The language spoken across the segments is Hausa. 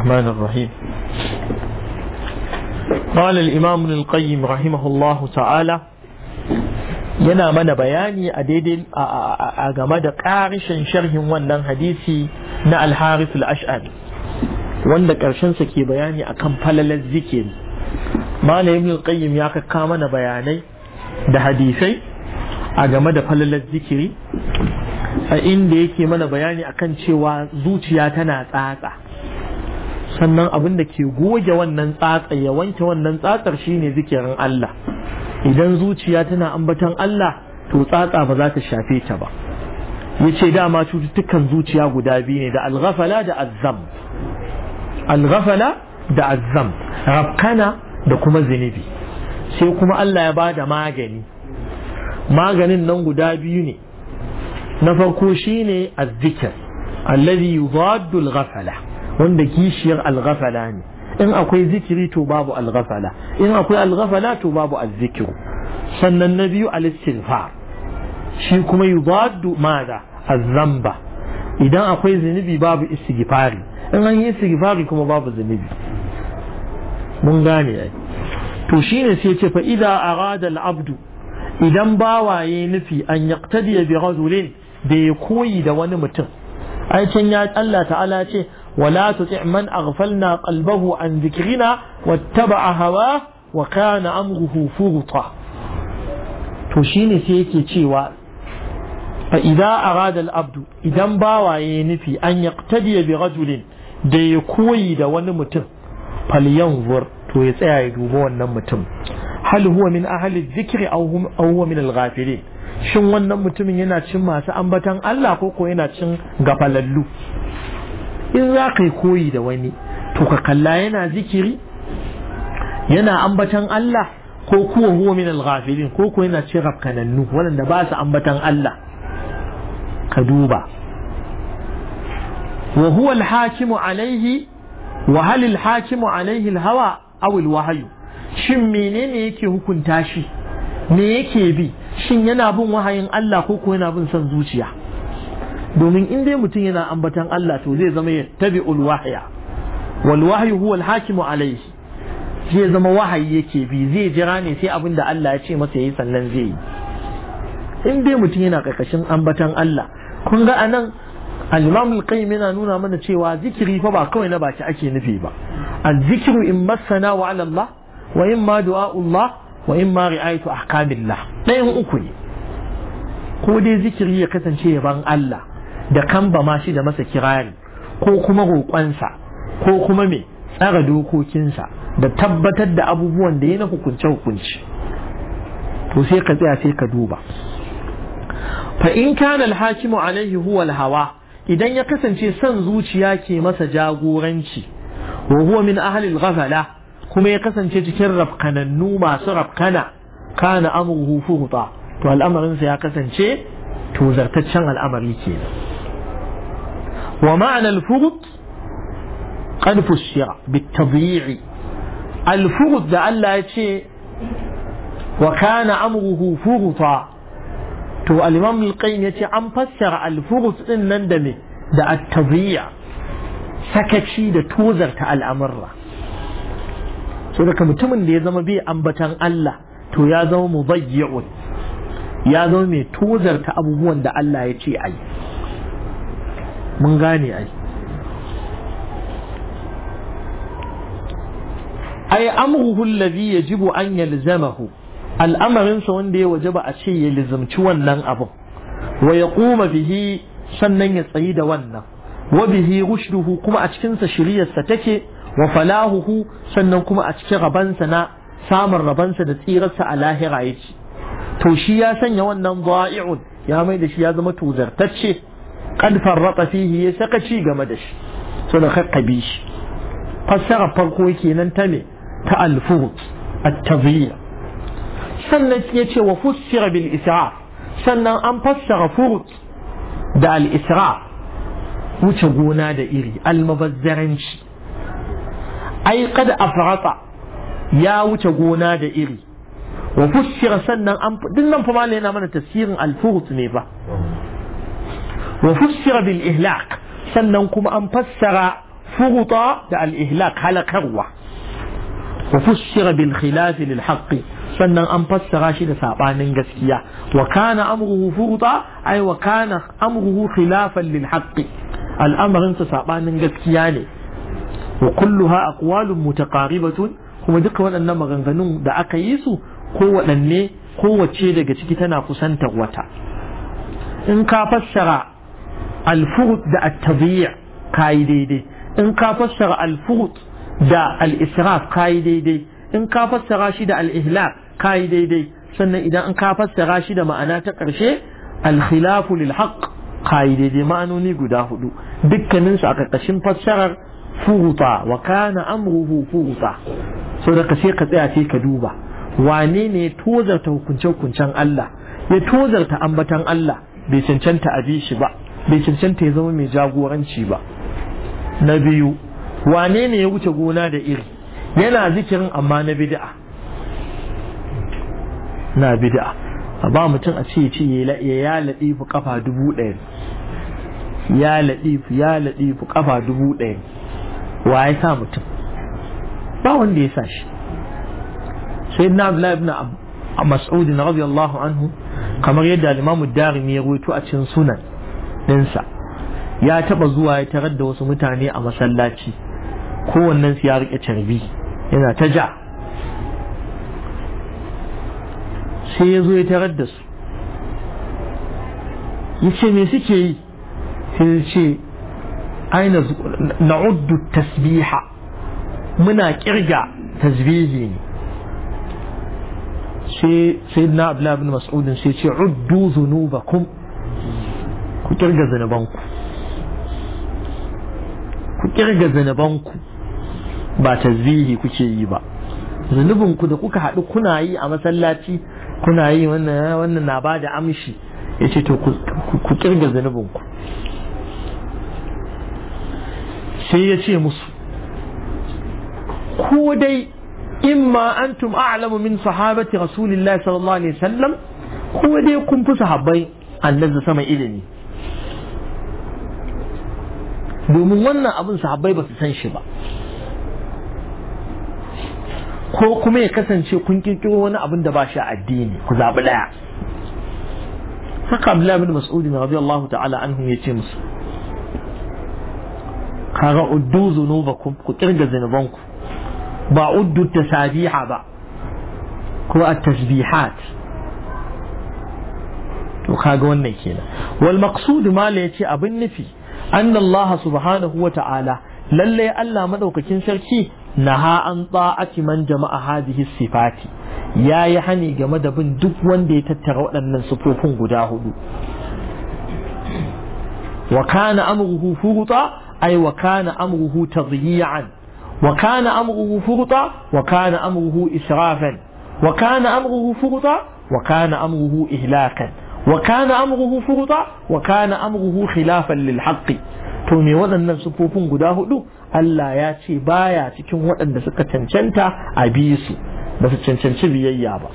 الرحمن الرحيم قال الإمام ابن القيم رحمه الله تعالى yana mana bayani a daidai a game da ƙarishin sharhin wannan hadisi na alharis al wanda ƙarshensa ke bayani akan falalar zikiri malamin ibn qayyim ya kakka mana bayanai da hadisai a game da falalar zikiri a inda yake mana bayani akan cewa zuciya tana tsatsa sannan abin da ke goge wannan tsatsa ya wanke wannan tsatsar shine zikirin Allah idan zuciya tana ambaton Allah to tsatsa ba za ta shafe ta ba yace dama cututtukan zuciya guda biyu ne da alghafala da azzam alghafala da azzam rafkana da kuma Zinibi, sai kuma Allah ya bada magani maganin nan guda biyu ne na farko shine azzikr alladhi yudaddu alghafala wanda kishiyar alghafala ne in akwai zikiri to babu alghafala in akwai alghafala to babu azzikiru sannan na biyu alistighfar shi kuma yubaddu maza azzamba idan akwai zunubi babu istighfari in an yi istighfari kuma babu zunubi mun gane ai to shine sai ce fa idza arada al-abdu idan bawaye nufi an yaqtadi bi rajulin da ya koyi da wani mutum ai can ya Allah ta'ala ce ولا تطع من أغفلنا قلبه عن ذكرنا واتبع هواه وكان أمره فرطا توشيني سيكي تشيوا فإذا أراد الأبد إذا باوا ينفي أن يقتدي برجل da ya koyi da wani mutum falyanzur to ya tsaya ya dubi wannan mutum hal huwa min ahli dhikri shin wannan mutumin yana cin masu ambatan Allah ko ko yana cin gafalallu in za ka yi koyi da wani to ka kalla yana zikiri yana ambatan Allah ko kuwa huwa min al-ghafilin ko kuwa yana cikin rafkanannu waɗanda ba su ambatan Allah ka duba wa huwa al-hakimu alaihi wa hal al-hakimu alaihi al-hawa aw al-wahyu shin menene yake hukunta shi me yake bi shin yana bin wahayin Allah ko kuwa yana bin son zuciya domin in dai mutum yana ambatan Allah to zai zama ya tabi ulwahya wal wahyu huwa al hakimu alayhi zai zama wahayi yake bi zai jira ne sai abin da Allah ya ce masa yayi sannan zai yi in dai mutum yana karkashin ambatan Allah kun ga anan al-Imam al-Qayyim yana nuna mana cewa zikiri fa ba kawai na baki ake nufi ba al-zikru in masana wa ala Allah wa in ma du'a Allah wa in ma ri'ayatu ahkamillah ɗayan uku ne ko dai zikiri ya kasance yaban Allah da kamba ma shi da masa kirari ko kuma roƙonsa ko kuma me tsara dokokinsa da tabbatar da abubuwan da ya na hukunce hukunci to sai ka tsaya sai ka duba fa in kana alhakimu alaihi huwa alhawa idan ya kasance son zuciya ke masa jagoranci wa huwa min ahli alghafala kuma ya kasance cikin rafkanannu masu rafkana kana amruhu furta to al'amarinsa ya kasance to zartaccen al'amari kenan ومعنى الفرط قد فسر بالتضييع الفرط لعل شيء وكان امره فرطا تو الامام القيم يتي ان فسر الفرط ان نندمي دا التضييع سكتشي دا توزر تعال امره سو دكا متمن دي زما بي امبتان الله تو يا زما مضيع يا زما مي توزر تا ابوبون دا الله يتي ايه mun gane ai ai amruhu alladhi yajibu an yalzamahu al'amarin sa wanda ya wajaba a ce ya lizumci wannan abin wa yaquma bihi sannan ya tsayi da wannan wa bihi rushduhu kuma a cikin sa shiriyarsa take wa falahuhu sannan kuma a cikin rabansa na samun rabansa da tsirarsa a lahira yake to shi ya sanya wannan za'i'un ya mai da shi ya zama tuzartacce qad farrata ya saka ci game da shi so da kakkabi shi fassara farko kenan ta me ta alfurut at-tadhiya sannan ya ce wa fussira bil israf sannan an fassara furut da al israf wuce gona da iri almabazzaranci ai qad afrata ya wuce gona da iri wa fussira sannan an dinnan fa yana mana tasirin al-furut ne ba وفسر بالإهلاك سننكم أن فسر فغطى دا الإهلاك هل كروة وفسر بالخلاف للحق سنن أن فسر شد سابان قسية وكان أمره فغطى أي وكان أمره خلافا للحق الأمر انت سابان قسية وكلها أقوال متقاربة هو دقوا أن مغنغنون دا أكيسو قوة لنه قوة شيدة قسية تنافسان تغوتا إن كافسر alfurut da at-tadhiya kai daidai in ka fassara alfurut da al-israf kai daidai in ka fassara shi da al-ihlak kai daidai sannan idan an ka fassara shi da ma'ana ta ƙarshe al-khilafu lil daidai ma'anoni guda hudu dukkaninsu a ƙarƙashin fassarar furuta wa kana amruhu furuta so da ka sai ka tsaya sai ka duba wane ne ya tozarta hukunce-hukuncen Allah ya tozarta ambatan Allah bai cancanta a bi shi ba bai cancanta ya zama mai jagoranci ba na biyu wane ne ya wuce gona da iri yana zikirin amma na bid'a na bid'a a ba mutum a ce ce ya fi kafa dubu ɗaya ya fi ya fi kafa dubu ɗaya wa ya sa mutum ba wanda ya sa shi sai na abdullahi na rabi radiyallahu anhu kamar yadda al-imam darimi ya rawaito a cikin sunan ɗinsa ya taɓa zuwa ya tarar da wasu mutane a masallaci kowannen su ya riƙe carbi yana ta ja sai ya zo ya tarar da su ya ce me suke yi sai ya ce aina na'uddu tasbiha muna kirga tasbihi ne sai na abu mas'udin sai ce uddu zunubakum ku kirga zunubanku ku kirga zunubanku ba tasbihi kuke yi ba zunubinku da kuka haɗu kuna yi a masallaci kuna yi wannan na ba da amshi ya ce to ku kirga zunubinku sai ya ce musu ko dai imma antum a'lamu min sahabati rasulillahi sallallahu alaihi wasallam ko dai kun fi sahabbai annabi sama ilimi domin wannan abin sahabbai ba su san shi ba ko kuma ya kasance kun kirkiro wani abin da ba shi a addini ku zaɓi ɗaya haka abdullahi bin mas'ud ne radiyallahu ta'ala anhum ya ce musu kaga uddu zunubakum ku kirga zunubanku ba uddu tasabiha ba ko at-tasbihat to kaga wannan kenan wal maqsud ma la yace abin nufi anna Allah subhanahu wa ta'ala lalle Allah maɗaukacin sarki na ha an aci man jama'a hadhihi sifati yayi hani game da bin duk wanda ya tattara waɗannan sifofin guda hudu Wakana kana amruhu furta ay wa kana amruhu tadhiyan wa kana amruhu furta wakana amruhu israfan wa kana amruhu furta wa kana amruhu ihlakan وكان أمره فرطا وكان أمره خلافا للحق توني وذن سفوفون قداه دو ألا ياتي بايا تكون وذن سكة تنشنتا أبيسو بس تنشنش بي يابا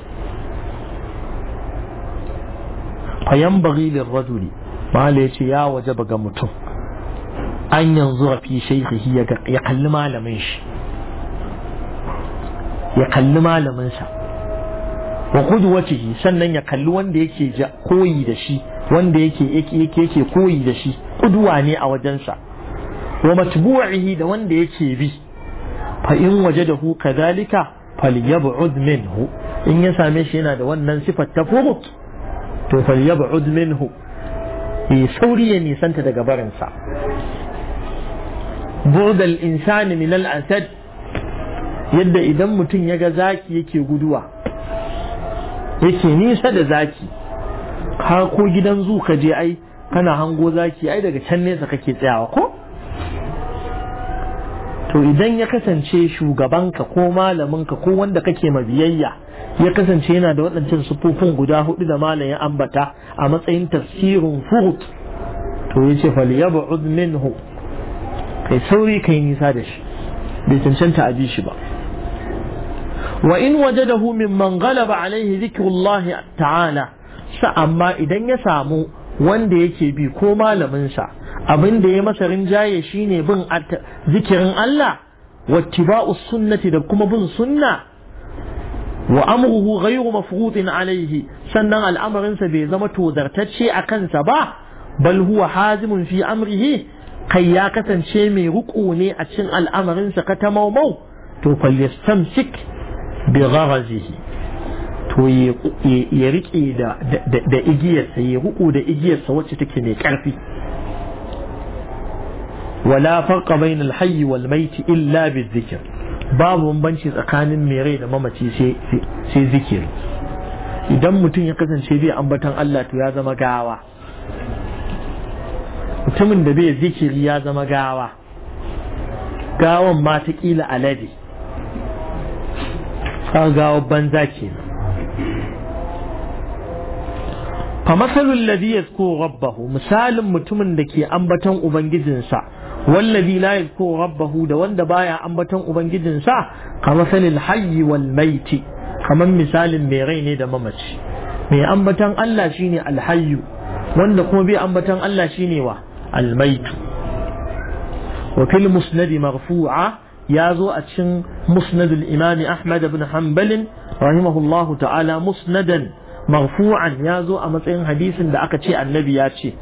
فينبغي للرجل ما ليش يا وجب قمتو أن ينظر في شيخه يقل ما لمنش يقل ما لمنش wa qudwatihi sannan ya kalli wanda yake koyi da shi wanda yake yake yake koyi da shi qudwa ne a wajen sa. wa matbu'ihi da wanda yake bi fa in wajadahu kadhalika falyab'ud minhu in ya same shi yana da wannan sifar ta to falyab'ud minhu yi sauri ya nisanta daga barinsa bu'dal insani min al-asad yadda idan mutum ya ga zaki yake guduwa yake nisa da zaki har ko gidan zu ka je ai kana hango zaki ai daga can nesa kake tsayawa ko to idan ya kasance shugabanka ko malaminka ko wanda kake mabiyayya ya kasance yana da waɗancan sufufin guda hudu da malam ya ambata a matsayin tafsirin furut to yace ce falyab'ud minhu kai sauri kai nisa da shi bai cancanta a ji shi ba wa in wajadahu mimman ghalaba alaihi zikrullahi ta'ala sa amma idan ya samu wanda yake bi ko malaminsa abin da ya masa rinjaye shine bin zikirin Allah wattiba'u sunnati da kuma bin sunna wa amruhu ghayru mafrutin alaihi sannan al'amarinsa bai zama tozartacce a kansa ba bal huwa hazimun fi amrihi kai ya kasance mai ruku ne a cikin al'amarinsa ka ta maumau to falyastamsik bi gharazihi to ya riƙe da igiyarsa ya ruku da igiyarsa wacce take mai ƙarfi wala farqa bain alhayy wal mayt illa bizikr babu bambanci tsakanin mai rai da mamaci sai zikiri idan mutum ya kasance bai ambaton Allah to ya zama gawa mutumin da bai zikiri ya zama gawa gawan ma ta kila alade gawa banza ce famasalul ladhi yazkuru rabbahu misalin mutumin da ke ambaton ubangijinsa wallazi la yazkuru rabbahu da wanda baya ambaton ubangijinsa kamasalil hayyi wal maiti kaman misalin mai rai ne da mamaci mai ambaton Allah shine alhayyu wanda kuma bai ambaton Allah shine wa almaitu wa fil musnad marfu'a ya zo a cikin musnadul imami ahmad ibn hanbalin rahimahullahu ta'ala musnadan marfu'an ya zo a matsayin hadisin da aka ce annabi ya ce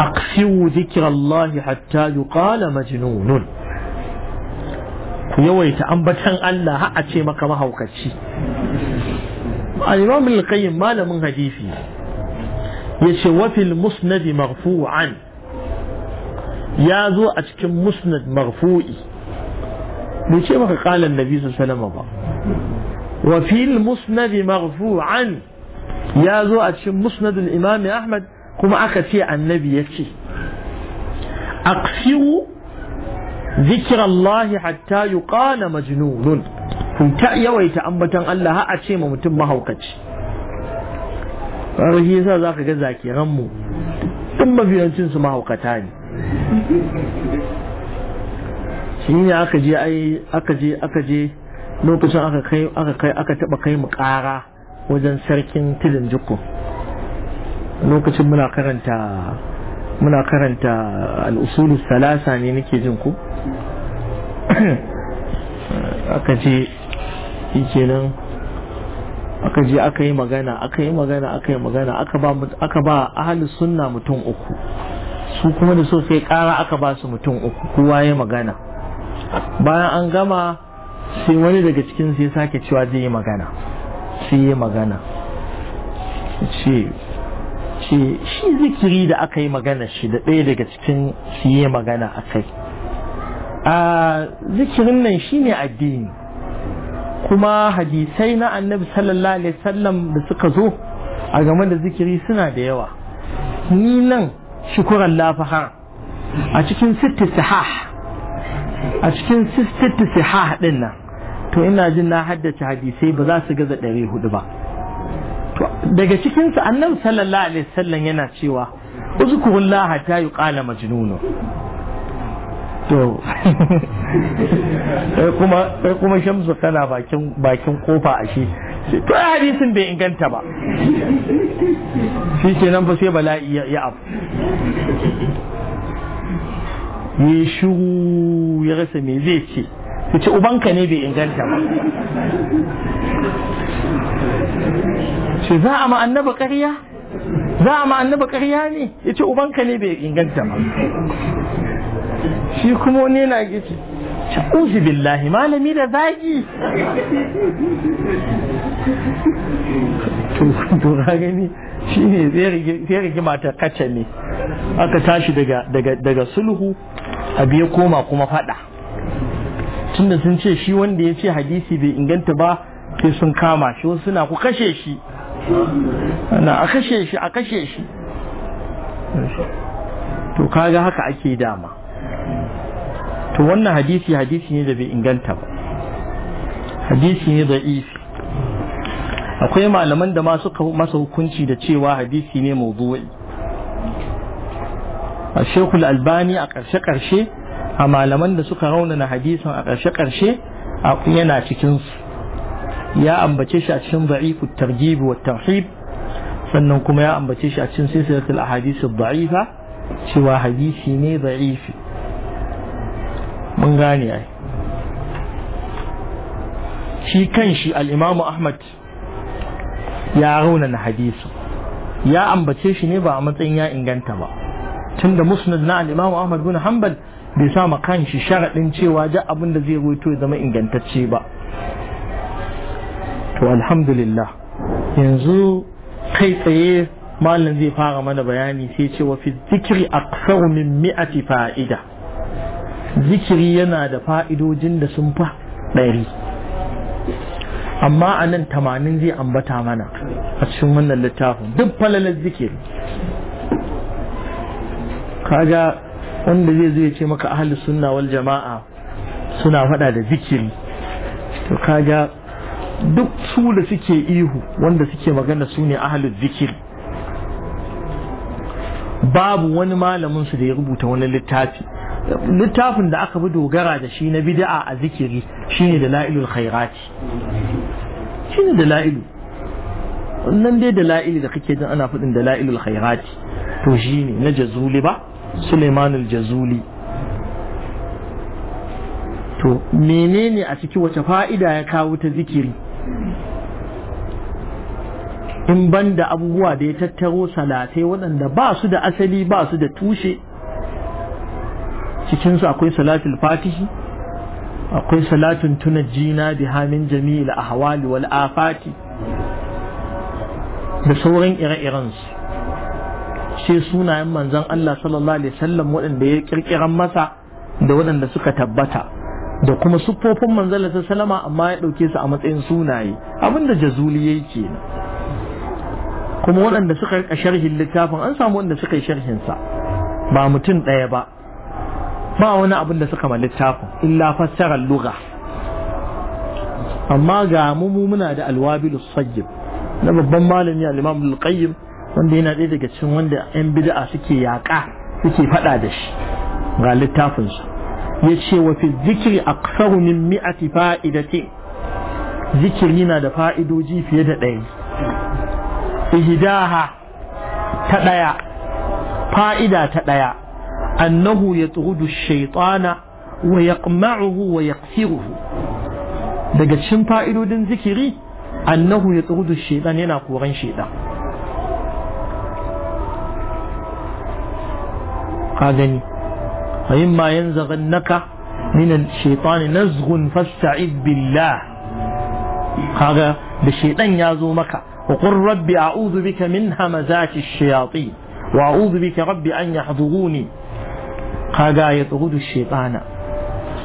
aqsiu zikirallahi hatta yuqala majnunun ku yawaita ambatan Allah har a ce maka mahaukaci al-imam al-qayyim malamin hadisi yace wa fil musnad marfu'an يا ذو أتك مسند مغفوي بشي ما قال النبي صلى الله عليه وسلم وفي المسند مغفوعا يا ذو أتك مسند الإمام أحمد كما أكتي النبي يكي أقفو ذكر الله حتى يقال مجنون كن تأيى ويتأمتا الله أتي ممتن مهوكتي فهي ذاك ذاك غمو ثم في أنسنس مهوكتاني shi ne aka je ai aka je aka je lokacin aka kai aka kai aka taba kai mu ƙara wajen sarkin tilin jikko lokacin muna karanta muna karanta al'usulu salasa ne nake jin ku aka je kenan aka je aka yi magana aka yi magana aka yi magana aka ba ahalus sunna mutum uku su kuma da so sai kara aka ba su mutum uku kowa ya magana bayan an gama sai wani daga cikin sai sake cewa zai yi magana sai yi magana ce ce shi zikiri da aka yi magana shi da ɗaya daga cikin su yi magana a kai a zikirin nan shi ne addini kuma hadisai na annabi sallallahu alaihi wasallam da suka zo a game da zikiri suna da yawa ni nan shukuran lafahar a cikin sitti sihah a cikin sitti sihah din nan to ina jin na haddace hadisai ba za su gaza ɗari hudu ba daga cikinsu annabi sallallahu alaihi wasallam yana cewa uzkurullah hatta yuqala majnunu to kuma kuma shamsu kana bakin bakin kofa shi. to hadisin bai inganta ba shikenan fa sai bala'i ya abu ya shiru ya rasa me zai ce ya ce ubanka ne bai inganta ba shi za a ma'annaba ƙarya za a ma'annaba ƙarya ne ya ce ubanka ne bai inganta ba shi kuma wani yana gici uzu billahi malami da zaki to ka gani ne zai rigima ta kacce ne aka tashi daga sulhu abu ya koma kuma fada tunda sun ce shi wanda ya ce hadisi bai inganta ba sai sun kama shi wasu suna ku kashe shi ana a kashe shi a kashe shi to kaga haka ake dama to wannan hadisi hadisi ne da bai inganta ba hadisi ne da isi akwai malaman da ma suka masa hukunci da cewa hadisi ne mawdu'i a shekul albani a ƙarshe-ƙarshe a malaman da suka raunana hadisin a ƙarshe-ƙarshe yana cikinsu ya ambace shi a cikin za'ifu tarjibi wa tarhib sannan kuma ya ambace shi a cikin silsilatul ahadisu da'ifa cewa hadisi ne za'ifi mun gane ai shi kan shi al'imamu ahmad ya na hadisi ya ambace shi ne ba a matsayin ya inganta ba tunda musnad na al'imamu ahmad bin hanbal bai sa ma kan shi sharaɗin cewa ja abin da zai ruwaito ya zama ingantacce ba to alhamdulillah yanzu kai tsaye malam zai fara mana bayani sai ce wa fi zikri aksaru min mi'ati fa'ida zikiri yana da fa'idojin da sun fa ɗari amma a nan tamanin zai ambata mana a cikin wannan littafin duk falalar zikiri kaga wanda zai zai ce maka ahalus sunna wal jama'a suna faɗa da zikiri to kaga duk su da suke ihu wanda suke magana su ne ahalus zikiri babu wani malamin su da ya rubuta wani littafi littafin da aka bi dogara da shi na bid'a a zikiri shine da la'ilul khairati shine da la'ilu wannan dai da la'ili da kake jin ana faɗin da la'ilul khairati to shine na jazuli ba Suleimanul jazuli to menene a ciki wace fa'ida ya kawo ta zikiri in banda abubuwa da ya tattaro salatai waɗanda ba su da asali ba su da tushe cikin su akwai salatul fatihi akwai salatun tunajjina bi hamin jami'il ahwali wal afati da sauran ire-iren su sai sunayen manzon Allah sallallahu alaihi wasallam waɗanda ya kirkiran masa da waɗanda suka tabbata da kuma siffofin manzon Allah amma ya dauke su a matsayin sunaye abinda jazuli yake kenan kuma waɗanda suka rika sharhin littafin an samu waɗanda suka yi sharhin sa ba mutum ɗaya ba ba wani abin da suka littafin illa fassarar lugha amma ga mu muna da alwabilu sajjib na babban malami al-imam al-qayyim wanda yana ɗaya daga cikin wanda yan bid'a suke yaƙa suke faɗa da shi ga littafin su ce wa fi dhikri aktsaru min mi'ati fa'idati zikiri na da fa'idoji fiye da ɗaya Ihidaha ta ɗaya fa'ida ta ɗaya أنه يطرد الشيطان ويقمعه ويقهره daga cikin fa'idodin zikiri annahu ya tsurudu shaidan yana koran shaidan ka gani fa yin ma yan zagan naka minan shaitani nazgun fasta'id billah kaga da shaidan ya zo maka wa qur rabbi a'udhu bika min hamazati shayatin wa a'udhu bika rabbi an yahduruni kaga ya tsuhudu shaitana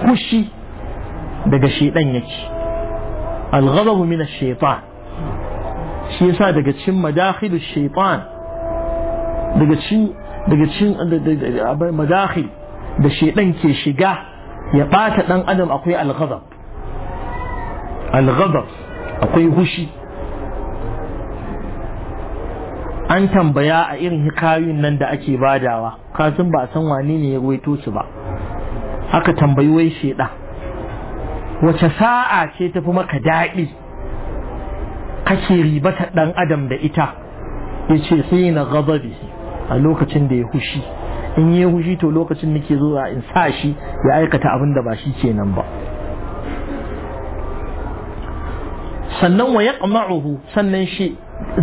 kushi daga shaitan yake alghadabu min ash-shaytan shi yasa daga cikin madakhilu shaitan daga cin daga cikin madakhil da shaitan ke shiga ya bata dan adam akwai al-ghabar. al alghadab akwai hushi an tambaya a irin hikayoyin nan da ake badawa kafin ba a san wani ne ya waito shi ba aka tambayi wai sheda wace sa'a ce tafi maka daɗi kake ribata ɗan adam da ita yace ce sai na gazabi a lokacin da ya hushi in ya hushi to lokacin nake zo a in sa shi ya aikata abin da ba shi ke nan ba sannan wa ya sannan shi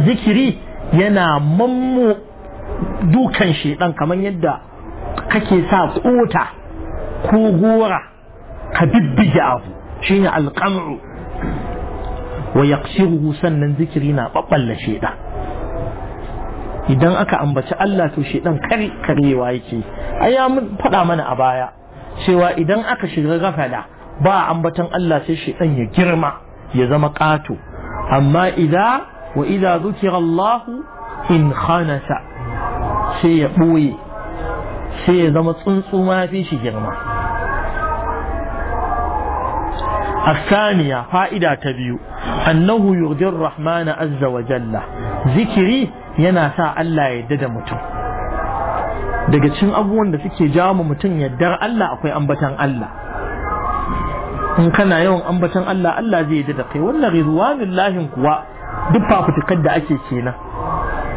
zikiri yana mammo dukan shedan kamar yadda kake sa kota ko gora ka bibbige abu shine alqam'u wa yaqsiruhu sannan zikiri na babballa shedan idan aka ambaci Allah to shedan kare karewa yake a ya faɗa mana a baya cewa idan aka shiga gafala ba ambatan Allah sai shedan ya girma ya zama ƙato amma idza wa idza zukira Allah in khanasa sai ya ɓoye sai ya zama tsuntsu ma fi shi girma fa'ida ta biyu. الثانية فائدة rahmana azza wa jalla zikiri yana sa Allah ya da mutum. daga cikin abubuwan da suke jawo mutum yaddar Allah akwai ambatan Allah in kana yawan ambatan Allah Allah zai yadda da kai wannan rizwanin lahin kuwa duk fafutukar da ake kenan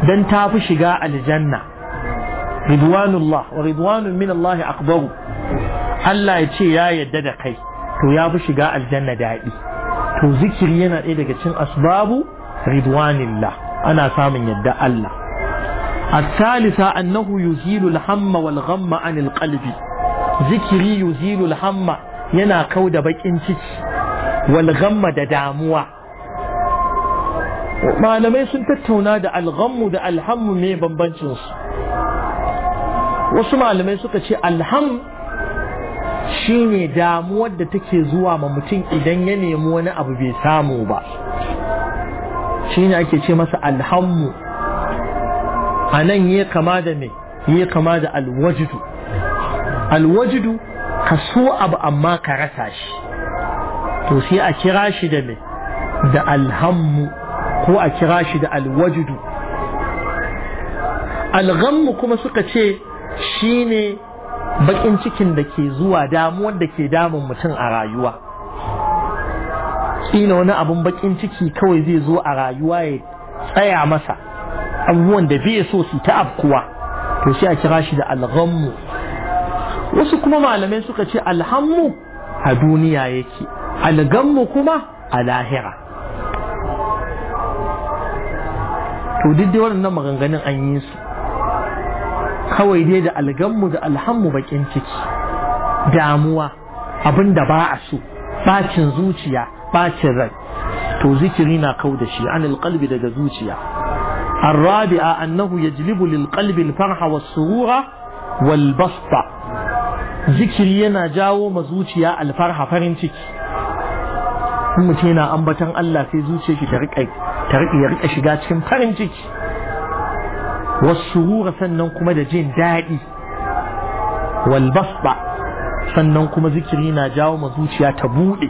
dan ta fi shiga aljanna ridwanullah wa ridwanun Allah akbaru Allah ya ce ya yadda da kai to ya fi shiga aljanna daɗi to zikiri yana ɗaya daga cin asbabu ridwanillah ana samun yadda Allah الثالثة أنه يزيل الهم والغم عن القلب ذكري يزيل الهم yana kauda da bakin ciki walgamma da damuwa malamai sun tattauna da algammu da alhamu ne bambancinsu wasu malamai suka ce alham shine damuwar da take zuwa ma mutum idan ya nemi wani abu bai samu ba shine ake ce masa alhammu a nan ya kama da me ya kama da alwajidu alwajidu ka so abu amma ka rasa shi to sai a kira shi da me da alhammu ko a kira shi da alwajidu alghammu kuma suka ce Shi ne bakin cikin da ke zuwa damuwar da ke damun mutum a rayuwa kila wani abun bakin ciki kawai zai zo a rayuwa ya tsaya masa abubuwan da bai so su ta afkuwa to shi a kira shi da alhammu wasu kuma malamai suka ce alhammu a duniya yake algammu kuma a lahira to duk da waɗannan maganganun an yi su kawai dai da alganmu da alhammu baƙin ciki damuwa abin da ba a so bacin zuciya bacin rai to zikiri na kau da shi anil qalbi daga zuciya الرابعة أنه يجلب للقلب الفرح والسرور والبسط ذكري ينا جاو مزوجيا الفرح فرنتك mutum yana ambatan Allah sai zuciya shi ta riƙa shiga cikin farin ciki wasu sannan kuma da jin daɗi walbasba sannan kuma zikiri na jawo ma zuciya ta buɗe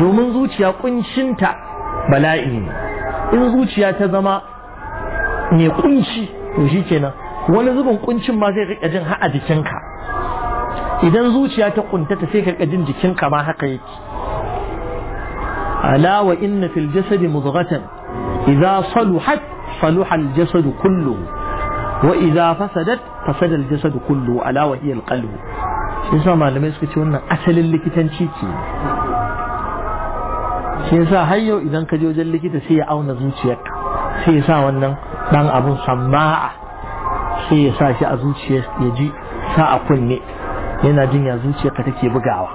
domin zuciya kunshinta bala'i ne in zuciya ta zama mai kunci to shi kenan wani zubin kuncin ma zai riƙa jin ha'a jikinka idan zuciya ta ƙuntata, sai ka jin jikinka ma haka yake ala wa inna fil jasadi mudghatan idza saluhat saluha al jasadu kulluhu Wa'iza idza fasadar fasada al-jasad kullu ala wa hiya yasa malamai suka ce wannan asalin likitanci ce shi yasa har yau idan ka je wajen likita sai ya auna zuciyar sai ya sa wannan dan abun sama'a sai ya sa shi a zuciyar ya ji sa a kunne yana jin ya zuciyarka take bugawa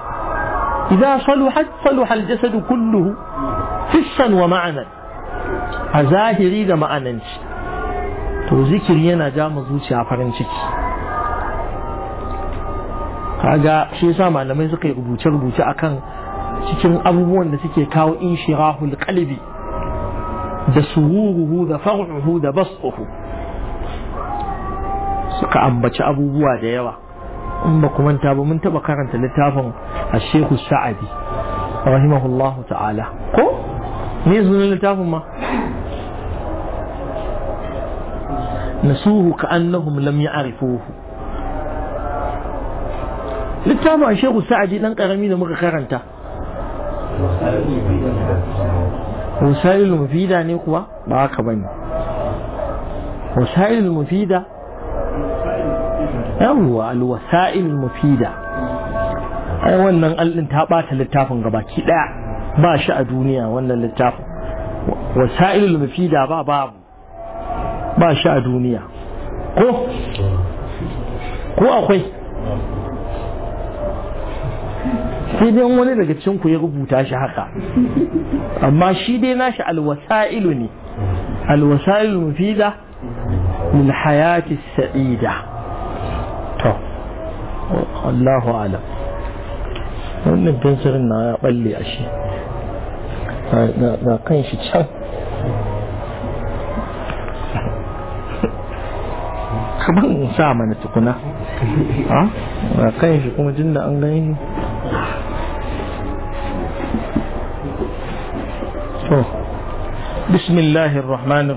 Iza saluhat saluha al-jasad kulluhu hissan wa ma'anan a zahiri da ma'ananci to zikiri yana ja mu zuciya farin ciki kaga shi yasa malamai suka yi rubuce rubuce akan cikin abubuwan da suke kawo inshirahul qalbi da sururuhu da far'uhu da basquhu suka ambaci abubuwa da yawa in ba ku manta ba mun taba karanta littafin Sheikh Sa'adi rahimahullahu ta'ala ko ne sunan littafin ma nasuhu ka'annahum lam ya'rifuhu littafin shehu sa'adi dan karami da muka karanta wasailul mufida ne kuwa ba haka bane wasailul mufida yawwa alwasailul mufida ai wannan allin ta bata littafin gabaki daya ba shi a duniya wannan littafin ba babu ba shi a duniya ko ko akwai sai dai wani daga cinku ya rubuta shi haka amma shi dai nashi alwasa'ilu ne alwasa'ilu mufida min hayati sa'ida to Allahu alam wannan fensirin na ya balle a shi na kan shi can ban sa mana tukuna a kan shi kuma jin da an gani to bismillahir